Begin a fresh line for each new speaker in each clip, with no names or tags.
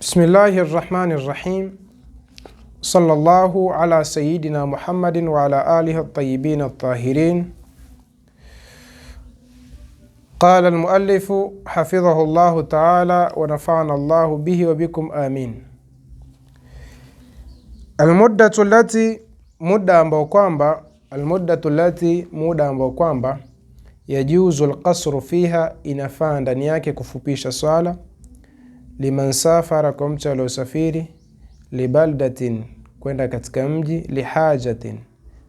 Bismillahi rahmani rahim, sallallahu ala sayidina Muhammadin wa ala alihi tayibin tahirin. Qala almuallifu hafidhahu llahu taala wanafana llahu bihi wa bikum amin. Almuddatu lati, muda ambao kwamba almuddatu lati, muda ambao kwamba yajuzu alqasru fiha, inafaa ndani yake kufupisha swala liman safara, kwa mtu aliosafiri, libaldatin, kwenda katika mji, lihajatin,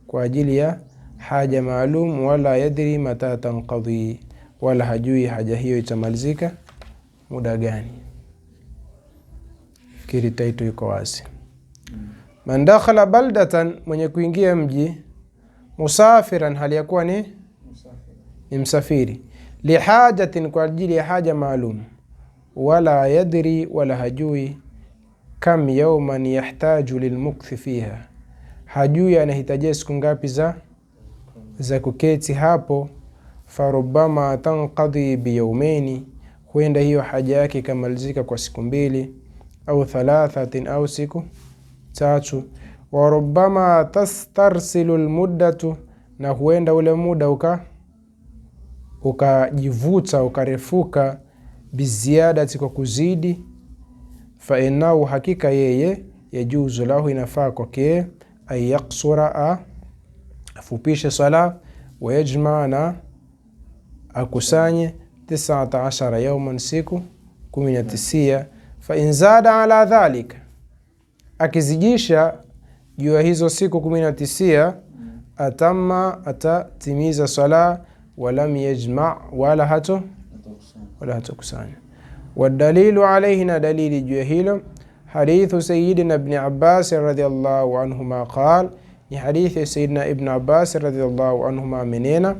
kwa ajili ya haja maalum, wala yadri mata tanqadhi, wala hajui haja hiyo itamalizika muda gani. Fikiri taito iko wazi. Man dakhala baldatan, mwenye kuingia mji, musafiran, hali yakuwa ni ni msafiri, lihajatin, kwa ajili ya haja maalum wala yadri, wala hajui. Kam yauman yahtaju lilmukthi fiha, hajui anahitajia siku ngapi za za kuketi hapo. Farubama tanqadi biyaumaini, huenda hiyo haja yake ikamalizika kwa siku mbili au thalathatin, au siku tatu. Warubama tastarsilu lmuddatu, na huenda ule muda ukajivuta uka ukarefuka biziadati, kwa kuzidi. Fainahu, hakika yeye, yajuzu lahu, inafaa kwake, ayaksura, afupishe sala, wayajmaa, na akusanye, tisata ashara yauman, siku kumi Fa inzada ala dhalika, akizijisha juu ya hizo siku kumi na tisia atama, atatimiza sala, walam yajma, wala hato wala tukusanya. Wadalilu alaihi, na dalili juu ya hilo hadithu sayidina ibni Abbas radhiyallahu anhuma qal, ni hadithi sayidina ibni Abbas radhiyallahu anhuma amenena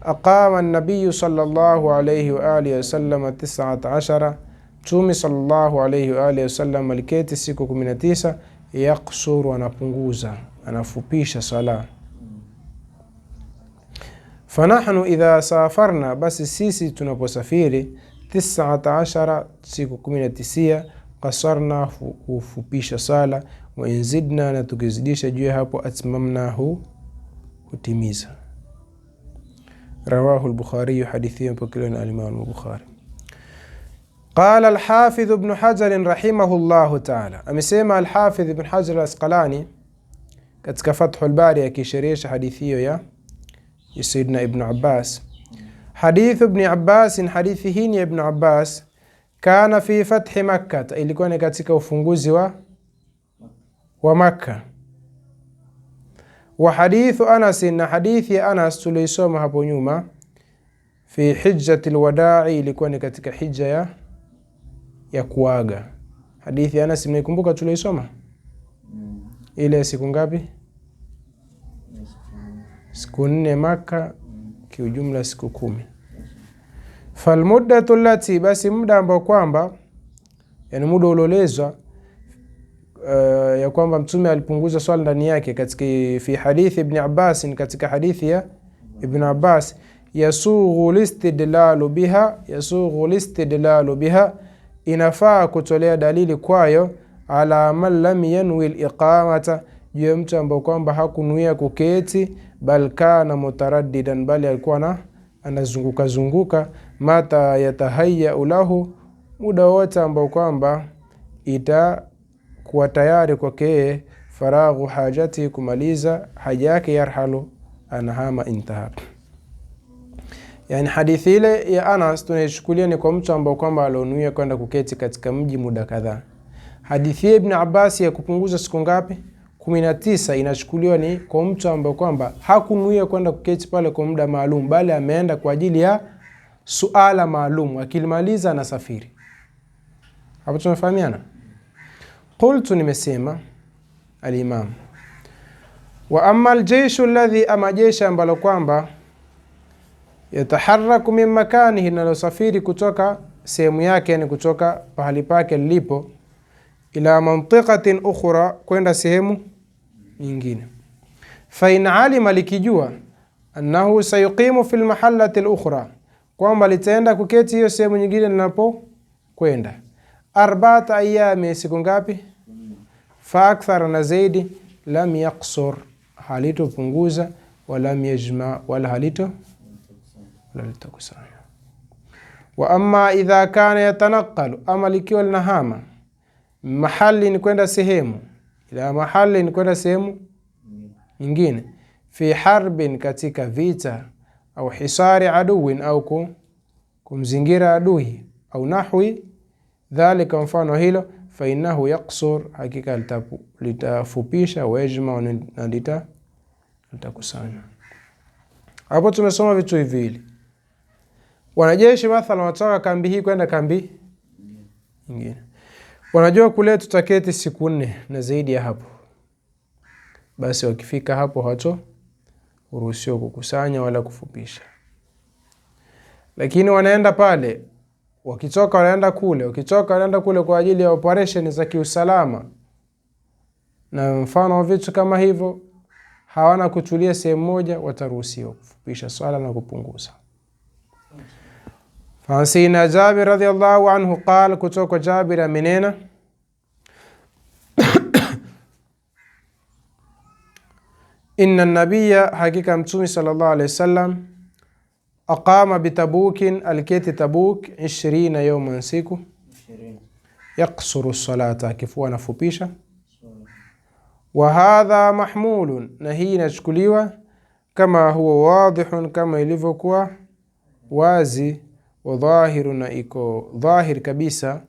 aqama an-nabiy sallallahu alayhi wa alihi wasallam tisata ashara, Mtume sallallahu alayhi wa alihi wasallam aliketi siku 19 yaksuru, anapunguza anafupisha sala فنحن إذا سافرنا بس سيسي تنبو سفيري تسعة عشرة سيكو كمينة تسية قصرنا وفبيشة صالة وإن زدنا نتكزديش جيها بو أتممناه وتميزا رواه البخاري حديثيا بكلون الإمام البخاري قال الحافظ ابن حجر رحمه الله تعالى سيما الحافظ ابن حجر الأسقلاني كتك فتح الباري كي شريش حديثيه يا ya Sayyidina Ibn Abbas. Hadithu Ibn Abbas, hadithi hii ni Ibn Abbas. Kana fi fathi Makkah, ilikuwa ni katika ufunguzi wa wa Makka. Wa hadithu Anas, na hadithi ya Anas tuliisoma hapo nyuma. Fi hijjati lwadai, ilikuwa ni katika hija ya ya kuaga. Hadithi ya Anas mnaikumbuka, tuliisoma mm. ile siku ngapi? siku nne Maka, kiujumla siku kumi. Falmuddatu lati, basi muda ambao kwamba yani muda ulolezwa Uh, eh, ya kwamba mtume alipunguza swala ndani yake katika fi hadithi Ibn Abbas, katika hadithi ya Ibn Abbas, yasughu listidlalu biha, yasughu listidlalu biha, inafaa kutolea dalili kwayo, ala man lam yanwi liqamata juu ya mtu ambao kwamba hakunuia kuketi, bal kana mutaraddidan, bali alikuwa na anazunguka zunguka, mata yatahayau lahu, muda wote ambao kwamba itakuwa tayari kwakee, faraghu hajati, kumaliza haja yake, yarhalu, anahama, intaha. Yani hadithi ile ya Anas tunaichukulia ni kwa mtu ambao kwamba alionuia kwenda kuketi katika mji muda kadhaa. Hadithi ya Ibn Abbas ya kupunguza siku ngapi? 19 inachukuliwa ni kwa mtu ambaye kwamba hakunuia kwenda kuketi pale kwa muda maalum, bali ameenda kwa ajili ya suala maalum, akilimaliza anasafiri. Hapo tunafahamiana. Qultu, nimesema alimam, wa amma aljayshu alladhi, ama jeshi ambalo kwamba yataharaku min makanihi, linalosafiri kutoka sehemu yake, yani kutoka pahali pake lilipo, ila mantiqatin ukhra, kwenda sehemu nyingine. Fa in alima, likijua annahu sayuqimu fi lmahalati lukhra, kwamba litaenda kuketi hiyo sehemu nyingine linapokwenda, arbaata ayami, siku ngapi? Fa akthara, na zaidi, lam yaksur, halitopunguza walam yajma, wala halito wala litakusanya. Wa amma idha kana yatanaqalu, ama likiwa linahama mahali ni kwenda sehemu ila mahali ni kwenda sehemu nyingine, fi harbin, katika vita, au hisari aduwin, au kumzingira adui, au nahwi dhalika, mfano hilo. Fainahu yaksur, hakika litafupisha, wajma na litakusanya. Hapo tumesoma vitu hiviwili, wanajeshi mathalan wataka kambi hii kwenda kambi nyingine Wanajua kule tutaketi siku nne na zaidi ya hapo. Basi wakifika hapo hato uruhusiwa kukusanya wala kufupisha, lakini wanaenda pale, wakitoka wanaenda kule, wakitoka wanaenda kule kwa ajili ya operesheni za kiusalama na mfano wa vitu kama hivyo, hawana kutulia sehemu moja, wataruhusiwa kufupisha swala na kupunguza عن سيدنا جابر رضي الله عنه قال كتوك جابر منين إن النبي حقيقة متومي صلى الله عليه وسلم أقام بتبوك الكيت تبوك عشرين يوما سيكو يقصر الصلاة كيف كفوة نفوبيشة وهذا محمول نهينا شكليوة كما هو واضح كما يلفكوا وازي wa dhahiru, na iko dhahir kabisa,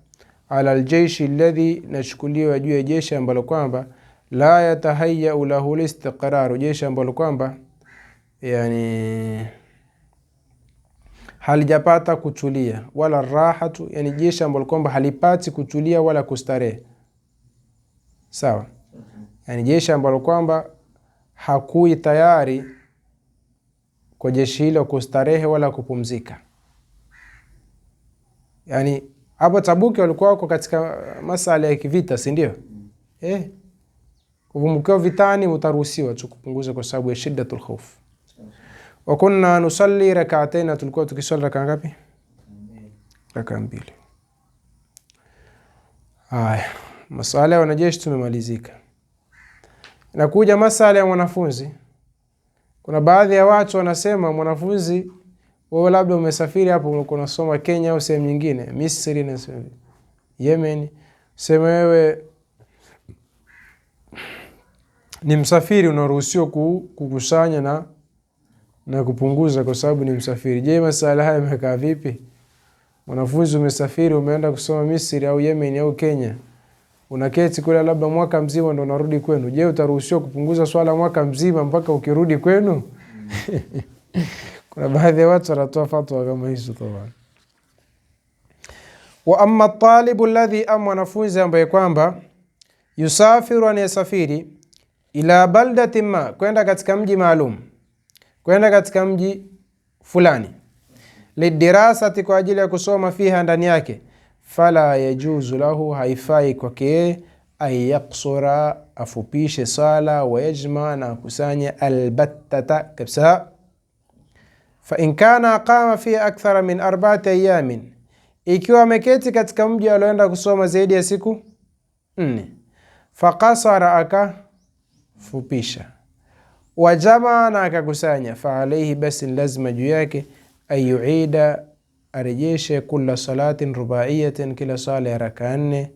ala aljeishi alladhi, nachukuliwa juu ya jeshi ambalo kwamba la yatahayau lahu listiqraru, jeshi ambalo kwamba yani halijapata kutulia wala rahatu, yani jeshi ambalo kwamba halipati kutulia wala kustarehe. Sawa, yani jeshi ambalo kwamba hakui tayari kwa jeshi hilo kustarehe wala kupumzika yani hapo Tabuki walikuwa wako katika masala ya kivita, si ndio? Mm. Eh, kuvumbukiwa vitani utaruhusiwa tu kupunguza kwa sababu ya shiddatul khauf. Wa kunna nusalli rak'atayn, tulikuwa tukiswali raka ngapi? Raka mbili. Haya, masala ya wanajeshi tumemalizika. Nakuja masala ya mwanafunzi. Kuna baadhi ya watu wanasema mwanafunzi wewe labda umesafiri hapo, ulikuwa unasoma Kenya au sehemu nyingine, Misri na Yemen, sema wewe ni msafiri, unaruhusiwa kukusanya na na kupunguza kwa sababu ni msafiri. Je, masala haya yamekaa vipi? Mwanafunzi umesafiri, umeenda kusoma Misri au Yemen au Kenya, unaketi kule labda mwaka mzima, ndo unarudi kwenu. Je, utaruhusiwa kupunguza swala mwaka mzima mpaka ukirudi kwenu? Kuna baadhi ya watu wanatoa fatwa kama hizo. Wa amma talibu alladhi, am mwanafunzi ambaye kwamba yusafiru, anayesafiri ila baldati ma, kwenda katika mji maalum, kwenda katika mji fulani, lidirasati, kwa ajili ya kusoma, fiha, ndani yake, fala yajuzu lahu, haifai kwake ayaksura, afupishe sala, wayajma, na akusanye albattata kabisa fa in kana qama fi akthara min arba'ati ayamin, ikiwa ameketi katika mji alioenda kusoma zaidi ya siku nne. faqasara akafupisha. Wajamaa, na akakusanya. Fa alaihi, basi lazima juu yake ayuida, arejeshe kula salatin rubaiyatin, kila sala ya rakaa nne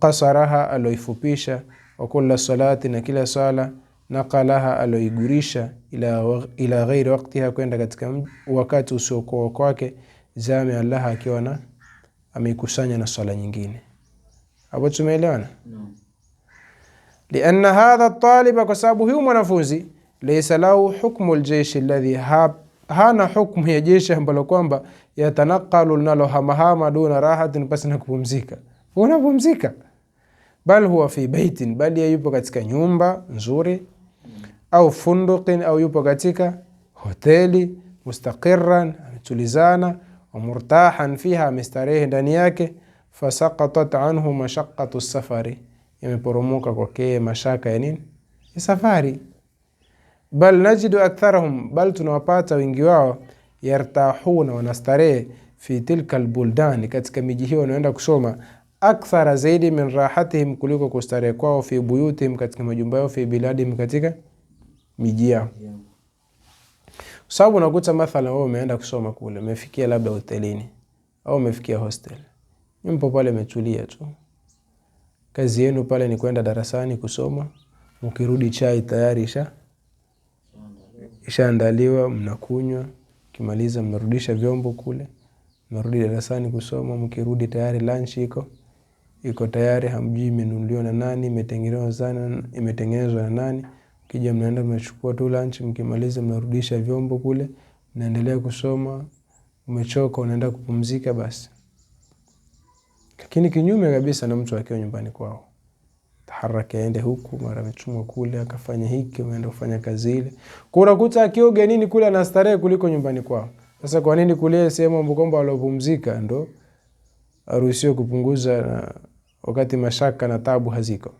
qasaraha aloifupisha, wa kula salati, na kila sala nakalaha aloigurisha ila, ila ghairi waktiha, kwenda katika wakati usiokuwa kwake, zame allaha akiwa na ameikusanya na swala nyingine. Hapo tumeelewana no. Lianna hadha taliba, kwa sababu huyu mwanafunzi laysa lahu hukmu ljeishi alladhi hana hukmu ya jeshi ambalo kwamba yatanaqalu linalohamahama duna rahatin, pasi na kupumzika. Unapumzika, bal huwa fi baitin, bali yupo katika nyumba nzuri au funduqin au yupo katika hoteli mustaqiran, ametulizana murtahan fiha, amestarehe ndani yake. Fasaqatat anhu mashaqatu safari, imeporomoka kwake mashaka ya nini? Ya safari. Bal najidu aktharahum, bal tunawapata wengi wao yartahuna, wanastarehe fi tilka albuldani, katika miji hiyo wanaenda kusoma akthara zaidi min rahatihim, kuliko kustarehe kwao, fi buyutihim, katika majumba yao, fi biladihim, katika miji yao, sababu unakuta mathala wewe umeenda kusoma kule, umefikia labda hotelini au umefikia hostel, mpo pale umetulia tu, kazi yenu pale ni kwenda darasani kusoma, mkirudi chai tayari isha ishaandaliwa, mnakunywa, kimaliza mnarudisha vyombo kule, mnarudi darasani kusoma, mkirudi tayari lunch iko iko tayari, hamjui imenunuliwa na nani, imetengenezwa na nani Kija mnaenda mnachukua tu lunch, mkimaliza mnarudisha vyombo kule, mnaendelea kusoma, umechoka unaenda kupumzika basi. Lakini kinyume kabisa na mtu akiwa nyumbani kwao, taharaki, aende huku mara amechumwa kule, akafanya hiki, ameenda kufanya kazi ile, kwa unakuta akiwa ugenini kule starehe kuliko nyumbani kwao. Sasa kwa nini kule sehemu ambapo kwamba walopumzika ndo aruhusiwe kupunguza na wakati mashaka na tabu haziko?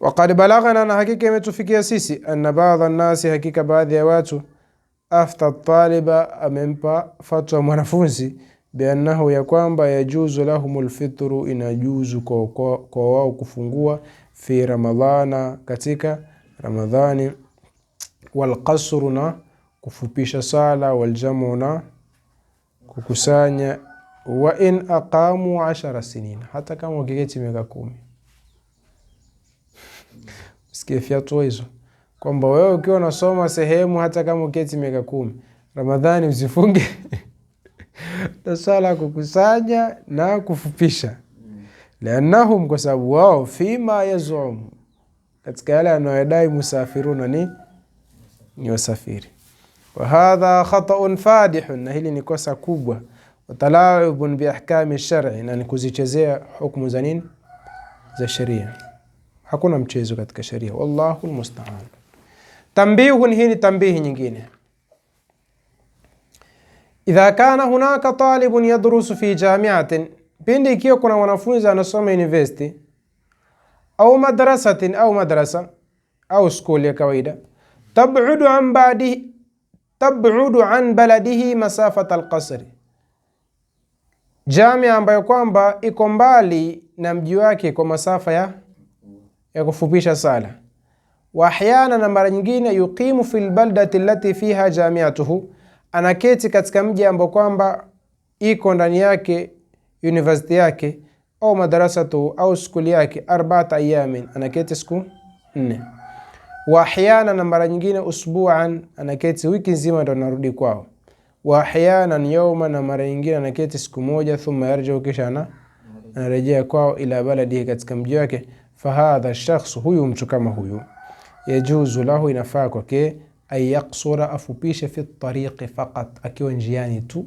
Waqad balaghana, na hakika imetufikia sisi, anna baadha nnasi, hakika baadhi ya watu, afta taliba, amempa fatwa mwanafunzi, biannahu, ya kwamba yajuzu lahum lfitru, inajuzu kwa, kwa, kwa wao kufungua fi ramadhana, katika Ramadhani, walqasru, na kufupisha sala, waljamu, na kukusanya, wa in aqamu ashara sinina, hata kama wakiketi miaka kumi fiatu hizo, kwamba wewe ukiwa unasoma sehemu hata kama uketi miaka kumi, Ramadhani usifunge na swala kukusanya na kufupisha, liannahum, kwa sababu wao fima yazumu, katika yale anayodai musafiruna ni ni wasafiri. Wa hadha khataun fadihun, na hili ni kosa kubwa. Watalaubun biahkami shari, na ni kuzichezea hukumu za nini za sheria. Hakuna mchezo katika sheria, wallahu almustaan. Tambihun, hii ni tambihi nyingine. Idha kana hunaka talibun yadrusu fi jamiatin, pindi ikiwa kuna mwanafunzi anasoma university au madrasatin au madrasa au skuli ya kawaida, tabudu an badihi tabudu an baladihi masafata alqasri, jamia ambayo kwamba iko mbali na mji wake kwa masafa ya ya kufupisha sala. Wa ahyana, na mara nyingine, yuqimu fil baldati allati fiha jamiatuhu, anaketi katika mji ambao kwamba iko ndani yake university yake au madarasatu au skuli yake, arba'ata ayamin, anaketi siku nne. Wa ahyana, na mara nyingine, usbu'an, anaketi wiki nzima ndo anarudi kwao. Wa ahyana yawma, na mara nyingine anaketi siku moja. Thumma yarjiu, kisha anarejea kwao, ila baladihi, katika mji wake fahadha shakhs, huyu mtu kama huyu, yajuzu lahu, inafaa kwake, an yaksura, afupishe fi tariqi faqat, akiwa njiani tu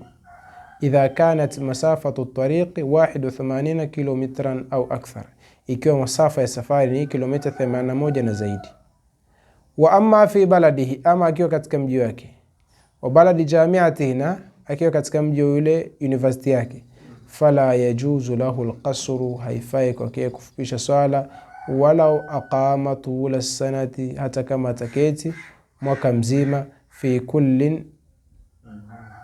idha kanat masafatu tariqi 81 kilometran au akthar, ikiwa masafa ya safari ni kilomita 81 na zaidi. Wa amma fi baladihi, ama akiwa katika mji wake, wa baladi jamiatihi, na akiwa katika mji yule university yake, fala yajuzu lahu alqasru, haifai kwake kufupisha swala ولو أقام طول السنة حتى كما تكيتي مكمزيمة في كل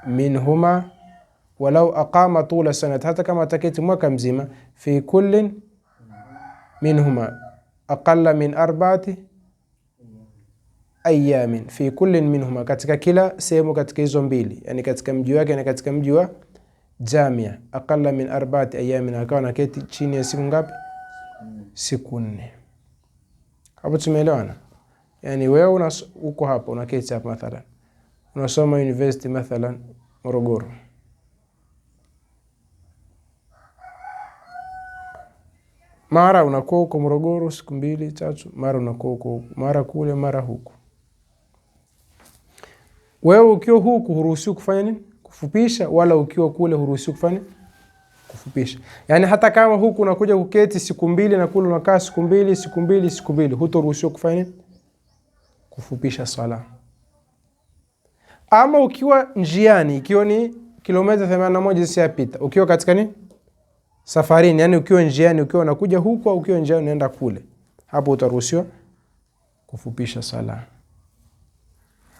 منهما ولو أقام طول السنة حتى كما تكيتي مكمزيمة في كل منهما أقل من أربعة أيام في كل منهما كتك كلا سيمو كتك زومبيلي يعني كتك مجوا كنا كتك مجوا جامعة أقل من أربعة أيام يعني أكون كتك تشيني سيمو siku nne. Hapo tumeelewana? Yani wewe uko hapo unaketi hapa mathalan, unasoma university mathalan Morogoro, mara unakuwa huko Morogoro siku mbili tatu, mara unakuwa huko mara kule, mara huku. Wewe ukiwa huku huruhusiwi kufanya nini? Kufupisha, wala ukiwa kule huruhusiwi kufanya kufupisha. Yaani hata kama huku unakuja kuketi siku mbili na kule unakaa siku mbili siku mbili siku mbili, hutoruhusiwa kufanya nini? Kufupisha swala. Ama ukiwa njiani, ikiwa ni kilomita 81 zisiyapita, ukiwa katika nini safarini, yani ukiwa njiani, ukiwa unakuja huko au ukiwa njiani unaenda kule, hapo utaruhusiwa kufupisha sala.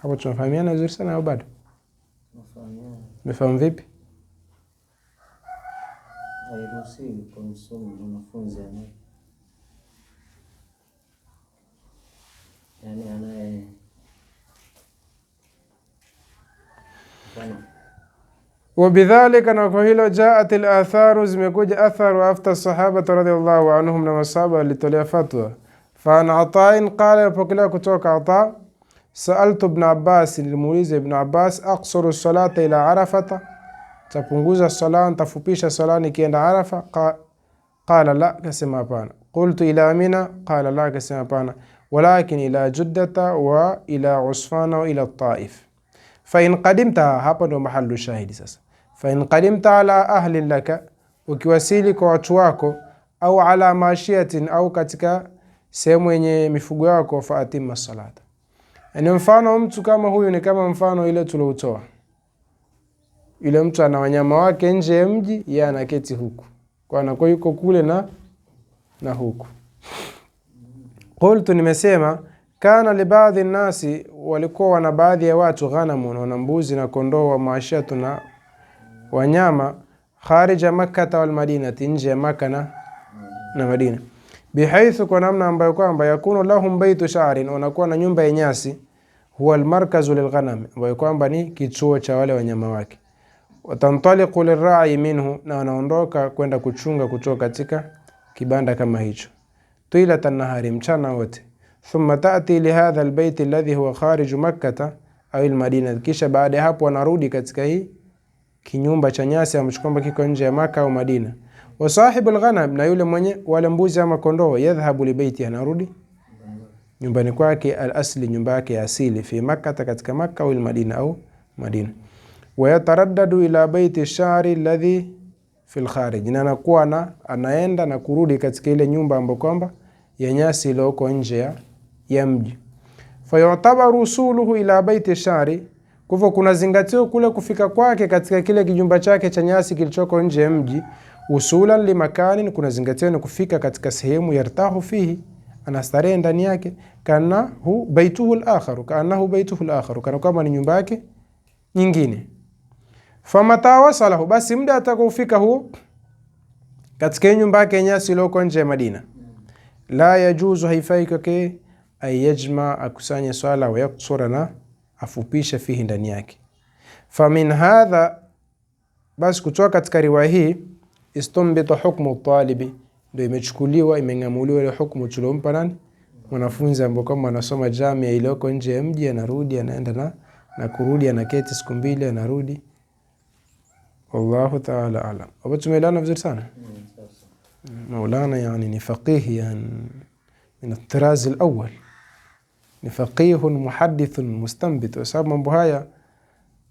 Hapo tunafahamiana vizuri sana au bado? Mefahamu vipi?
hairuhusiwi kumsumu mwanafunzi anaye yani anaye
wabidhalika, na kwa hilo jaat alatharu, zimekuja atharu afta sahabata radhiallahu anhum, na masahaba walitolea fatwa. Faan Atain qala, apokelewa kutoka Ata, saaltu Ibn Abbas, nilimuuliza Ibn Abbas, aqsuru salata ila Arafata tapunguza sala, ntafupisha sala nikienda Arafa. Qala la, kasema hapana. Qultu ila Mina, qala la, kasema hapana, walakin ila Juddata wa ila Usfana wa ila Taif. Fa in qadimta, hapa ndo mahalu shahidi sasa. Fa in qadimta ala ahli laka, ukiwasili kwa watu wako, au ala mashiatin, au katika sehemu yenye mifugo yako, fa atima salata. Yani mfano mtu kama huyu ni kama mfano ile tuloutoa yule mtu ana wanyama wake nje ya mji, yeye anaketi huku, kwa anakuwa yuko kule na na huku. Qultu, nimesema kana libaadhi nnasi, walikuwa wana baadhi ya watu ghanamun, wana mbuzi na kondoo wa maashatu na wanyama kharija makkata wal madinati, nje ya Maka na na Madina, bihaithu, kwa namna ambayo kwamba yakunu lahum baitu sha'rin, wanakuwa na nyumba ya nyasi, huwa almarkazu lilghanam, ambayo kwamba ni kituo cha wale wanyama wake watantaliqu lirai minhu, na wanaondoka kwenda kuchunga kutoka katika kibanda kama hicho, twilata nahari, mchana wote. Thumma tati lihadha albayt alladhi huwa khariju makkata au almadina, kisha baada ya hapo wanarudi katika hii kinyumba cha nyasi ambacho kwamba kiko nje ya Maka au Madina. Wa sahibu alghanam, na yule mwenye wale mbuzi ama kondoo, yadhhabu libaiti, anarudi nyumbani kwake, alasli, nyumba yake ya asili, fi makkata, katika Maka au almadina au Madina wayataradadu ila baiti shari ladhi fil kharij, na anakuwa na anaenda na kurudi katika ile nyumba ambayo kwamba ya nyasi iliyoko nje ya ya mji. Fayutabaru suluhu ila baiti shari, kwa hivyo kuna zingatio kule kufika kwake katika kile kijumba chake cha nyasi kilichoko nje ya mji. Usulan limakanin, kuna zingatio ni kufika katika sehemu yartahu fihi anastarehe ndani yake, kanahu baituhu al-akhar, kanahu baituhu al-akhar, kana kwamba ni nyumba yake nyingine famata wasalahu, basi muda atakaofika huo katika nyumba yake nyasi iliyoko nje ya Madina, la yajuzu, haifai kwake ayajma, akusanye swala wa yaksura, na afupisha fihi, ndani yake. Famin hadha, basi kutoka katika riwaya hii istombita hukmu talibi, ndio imechukuliwa imeng'amuliwa ile hukmu tuliompa nani mwanafunzi ambao kama anasoma jamia iliyoko nje ya mji, anarudi anaenda na na kurudi, anaketi siku mbili, anarudi Wallahu taala alam. Hapo tumeelewana vizuri sana. Mm, Maulana yani ni faqih min at-tirazi al ni faqihun muhadithun mustanbit, kwa sababu mambo haya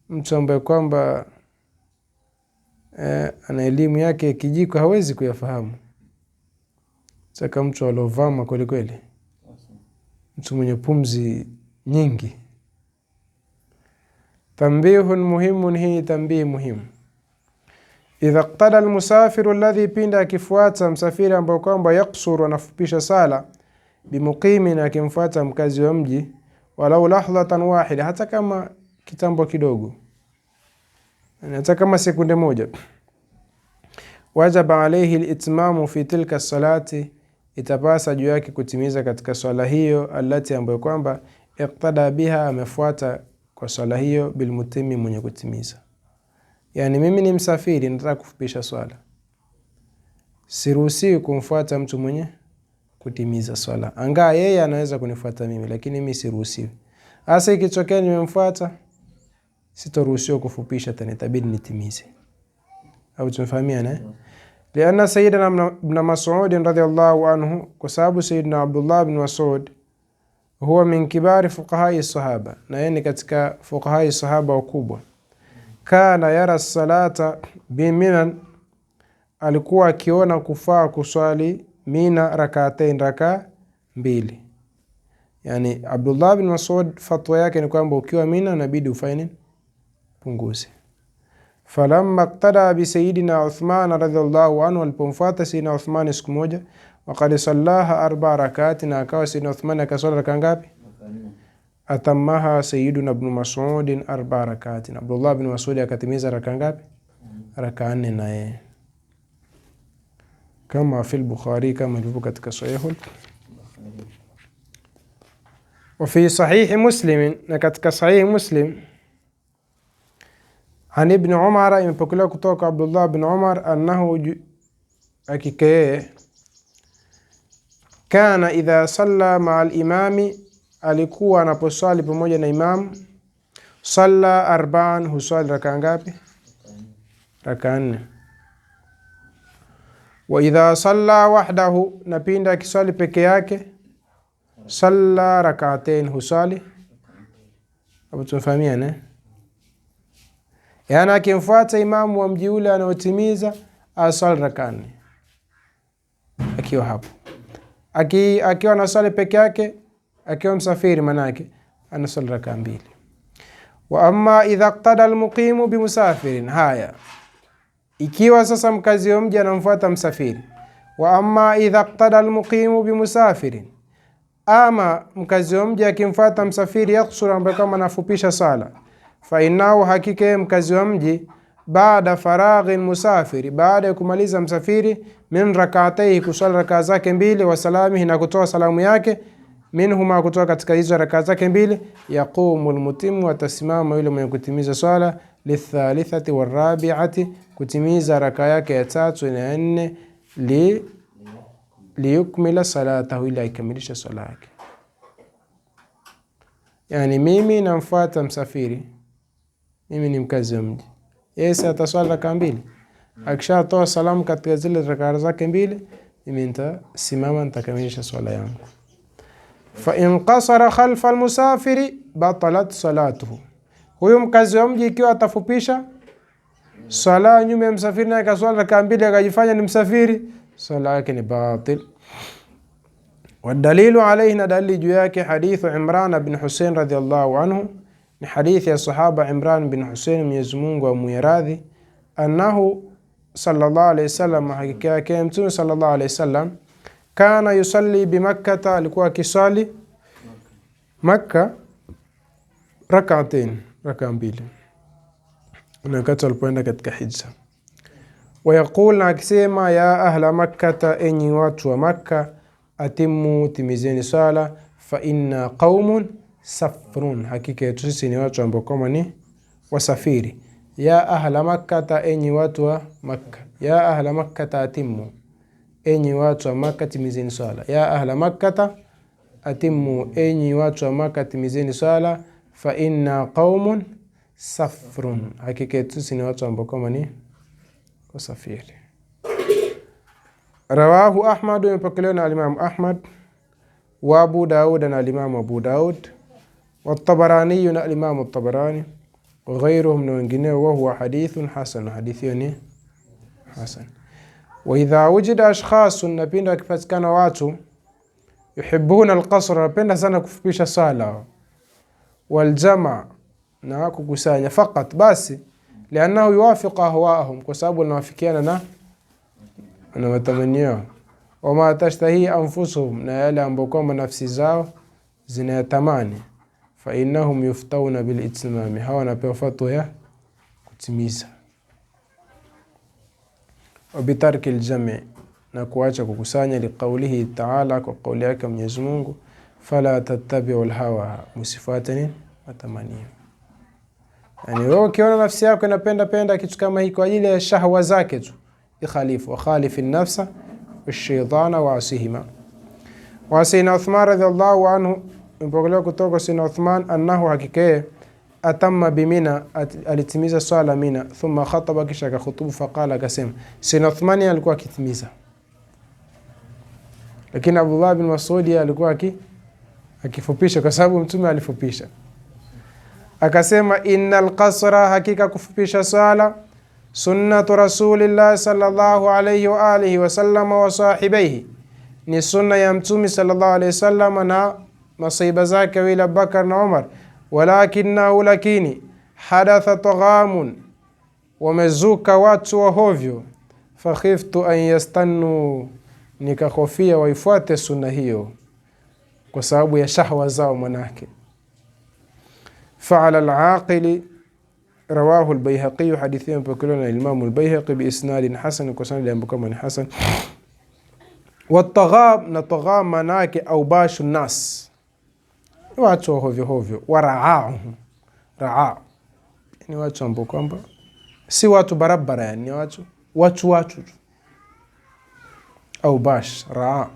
mtu ambaye kwamba eh, ana elimu yake ya kijiko hawezi kuyafahamu. Saka mtu alovama kweli kweli, mtu mwenye pumzi nyingi. Tambihun muhimun, hii tambihi muhimu idha qtada almusafiru alladhi, pinda akifuata msafiri ambao kwamba yaksuru anafupisha sala bimuqimin, akimfuata mkazi wa mji walau lahdhatan wahida, hata kama kitambo kidogo, hata kama sekunde moja. Wajaba alaihi litmamu fi tilka salati, itapasa juu yake kutimiza katika swala hiyo, alati ambayo kwamba iktada biha, amefuata kwa swala hiyo, bilmutimi, mwenye kutimiza Yani mimi ni msafiri, nataka kufupisha swala, siruhusiwi kumfuata mtu mwenye kutimiza swala, angaa yeye anaweza kunifuata mimi, lakini mi siruhusiwi. Hasa ikitokea nimemfuata, sitoruhusiwa kufupisha tena, itabidi nitimize. Au tumefahamia tumefahamiana? Eh? Liana Sayidina Ibn Mas'ud radhiyallahu anhu, kwa sababu Sayidina Abdullah ibn Mas'ud huwa min kibari fuqahai sahaba, na yeye ni katika fuqahai sahaba wakubwa kana yara salata biminan, alikuwa akiona kufaa kuswali Mina rakatain, raka mbili. Yani Abdullah bin Masud fatwa yake ni kwamba ukiwa Mina inabidi ufaini punguze. Falamma qtada bi sayidina Uthman radhiallahu anhu, alipomfuata sayidina Uthman siku moja, waqad sallaha arba rakati, na akawa sayidina Uthman akaswali raka ngapi? atamaha Sayyiduna Ibn Mas'ud arba rakatin, Abdullah bin Mas'ud akatimiza raka ngapi? Raka nne na kama fi al kama ilivyo katika sahihu wa fi sahihi Muslim, na katika sahihi Muslim an ibn Umar, imepokelewa kutoka Abdullah bin Umar annahu, akika kana idha salla ma'al imami alikuwa anaposwali pamoja na imamu salla arbaan, huswali rakaa ngapi? Rakaa nne. Wa idha salla wahdahu, na pinda akiswali peke yake salla rakaatain, huswali hapo. ne? Eh? yaani akimfuata imamu wa mji ule anaotimiza aswali rakaa nne akiwa hapo, akiwa anaswali peke yake akiwa msafiri manake anasali rakaa mbili. Wa amma idha qtada almuqimu bimusafirin, haya ikiwa sasa mkazi wa mji anamfuata msafiri. Wa amma idha qtada almuqimu bimusafirin, ama mkazi wa mji akimfuata msafiri yaksura, ambaye kama anafupisha sala, fa innahu, hakika mkazi wa mji baada faraghi musafiri, baada ya kumaliza msafiri, min rakaataihi, kuswala rakaa zake mbili, wa salamihi, na kutoa salamu yake minhuma kutoka katika hizo rakaa zake mbili, yaqumu lmutimu, atasimama yule mwenye kutimiza swala, lithalithati warabiati, kutimiza rakaa yake ya tatu na ya nne, li liyukmila salatahu, ili aikamilisha swala yake. Yani mimi namfuata msafiri, mimi ni mkazi wa mji, yesi ataswala rakaa mbili. Akishatoa salamu katika zile rakaa zake mbili, mimi nitasimama, nitakamilisha swala yangu fa in khalfa almusafiri batalat salatuhu, huyu mkazi wa mji ikiwa atafupisha sala nyuma ya msafiri naye kaswali rakaa mbili akajifanya ni msafiri, sala yake ni batil. Wadalilu alayhi, na dalili juu yake hadithu Imran bin Husein radhiyallahu anhu, ni hadithi ya sahaba Imran bin Husein, Mwenyezi Mungu amwie radhi, annahu sallallahu alayhi wasallam, hakika yake Mtume sallallahu alayhi wasallam kana yusalli bimakkata, alikuwa akisali Makka rak'atain, raka mbili, na wakati walipoenda katika hija. Wayaqul, na akisema ya ahla makkata, enyi watu wa Makka, atimu, timizeni sala, fa inna qaumun safrun, hakika yetu sisi ni watu ambao kama ni wasafiri. Ya ahla makkata, enyi watu wa Makka, ya ahla makkata atimu enyi watu wa Maka, timizeni swala. Ya ahla makkata atimu, enyi watu wa Maka, timizeni swala. Fa inna qaumun safrun, hakika yetu sisi ni watu ambao kama ni kusafiri. Rawahu Ahmad, imepokelewa na alimamu Ahmad wa Abu Daud na alimamu Abu Daud wa Tabarani na alimamu Tabarani wa ghairuhum na wengineo, wa huwa hadithun hasan, hadithi ni hasan wa idha wujida ashkhasu na pindi wakipatikana watu yuhibuna alqasra, wanapenda sana kufupisha sala, waljamaa, na kukusanya, faqat, basi liannahu yuwafiqu ahwaahum, kwa sababu linawafikiana na na matamanio wama tashtahi anfusuhum, na yale ambayo kwamba nafsi zao zinayatamani. Fa innahum yuftawna bil hawa wanapewa fatwa ya kutimiza وبترك الجمع نكواتا كوكوسانيا لقوله تعالى وقولي لك من فلا تتبعوا الهوى مصفاتين وثمانين يعني هو كيونا نفسي يابكو انا بندا بندا كيتو كما هيكو ايلي شهوة زاكتو يخالف وخالف النفس والشيطان وعصيهما وعسينا عثمان رضي الله عنه بقول لكم توكو سينا عثمان انه حقيقيه atamma bimina, alitimiza swala Mina. Thumma khataba, kisha akahutubu. Faqala, akasema. Sayyidna Uthmani alikuwa akitimiza, lakini Abdullah bin Mas'ud alikuwa akifupisha, kwa sababu mtume alifupisha. Akasema, innal qasra, hakika kufupisha swala sunnatu rasulillahi sallallahu alayhi wa alihi wasalama wa sahibaihi, ni sunna ya mtume sallallahu alayhi wasallam na masaiba zake wili Abubakar na Umar ولكنه لكيني حدث طغام ومزوك واتسو وهوفيو فخفت أن يستنوا نكخوفية ويفوات السنة هيو وسابو يشحو زاو مناك فعلى العاقل رواه البيهقي حديثيا بكلنا الإمام البيهقي بإسناد حسن وكسند بكم حسن والطغام نطغام مناك أو باش الناس watu wa hovyo hovyo, waraahum raa, ni watu ambao kwamba si watu barabara, yani watu watu watu tu, au bash raa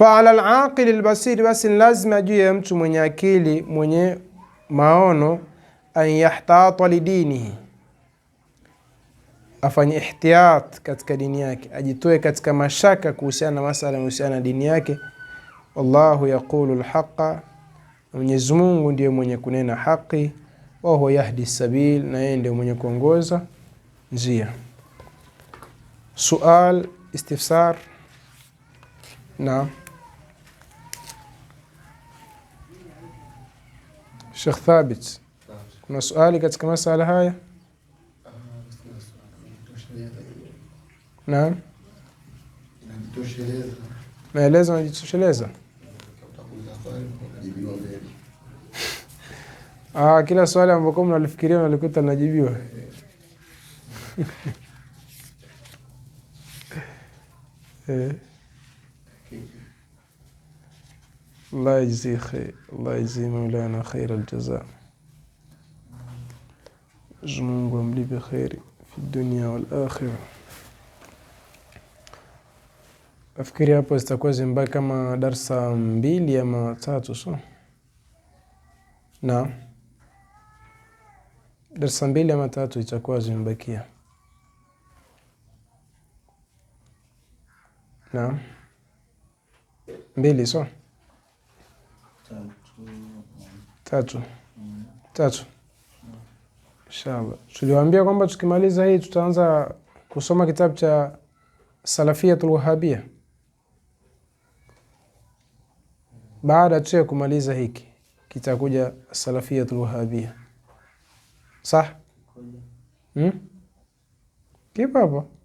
ala alaqil albasir, basi lazima juu ya mtu mwenye akili mwenye maono an yahtata lidinihi, afanye ihtiyat katika dini yake, ajitoe katika mashaka kuhusiana na masala yanayohusiana na dini yake wallahu yaqulu lhaqa, Mwenyezi Mungu ndiye mwenye kunena haki. Wahuwa yahdi sabil, na yeye ndiye mwenye kuongoza njia. Sual istifsar na Sheikh Thabit, kuna suali katika masala haya? Naam, maelezo najitosheleza. Ah, kila swali ambako mnalifikiria nalikuta linajibiwa. Eh. Allah yajzi khair, Allah yajzi maulana khair aljaza. Mungu amlipe kheri fi dunya wal akhira. Nafikiri hapo zitakuwa zimebaki kama darsa mbili ama tatu, so na darsa mbili ama tatu itakuwa zimebakia. na mbili so tatu mm. tatu. Inshallah, tuliwaambia kwamba tukimaliza hii tutaanza kusoma kitabu cha Salafiyatul Wahabia. Baada tu ya kumaliza hiki kitakuja salafiyatul wahabia, sah hmm? kipo hapo.